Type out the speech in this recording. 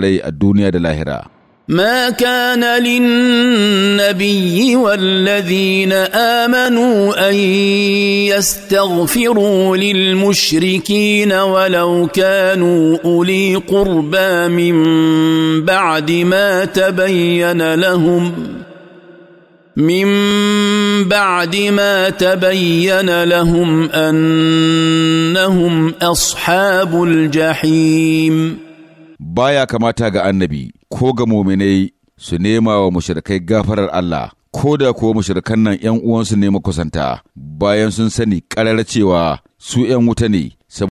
علي الدنيا duniya ما كان للنبي والذين امنوا ان يستغفروا للمشركين ولو كانوا اولي قربى من بعد ما تبين لهم من بعد ما تبين لهم انهم اصحاب الجحيم baya kamata ga annabi ko ga muminai su nema wa mushrikai gafarar Allah ko da kuwa mushrikan nan ‘yan uwansu ne makusanta bayan sun sani ƙarar cewa su ‘yan wuta ne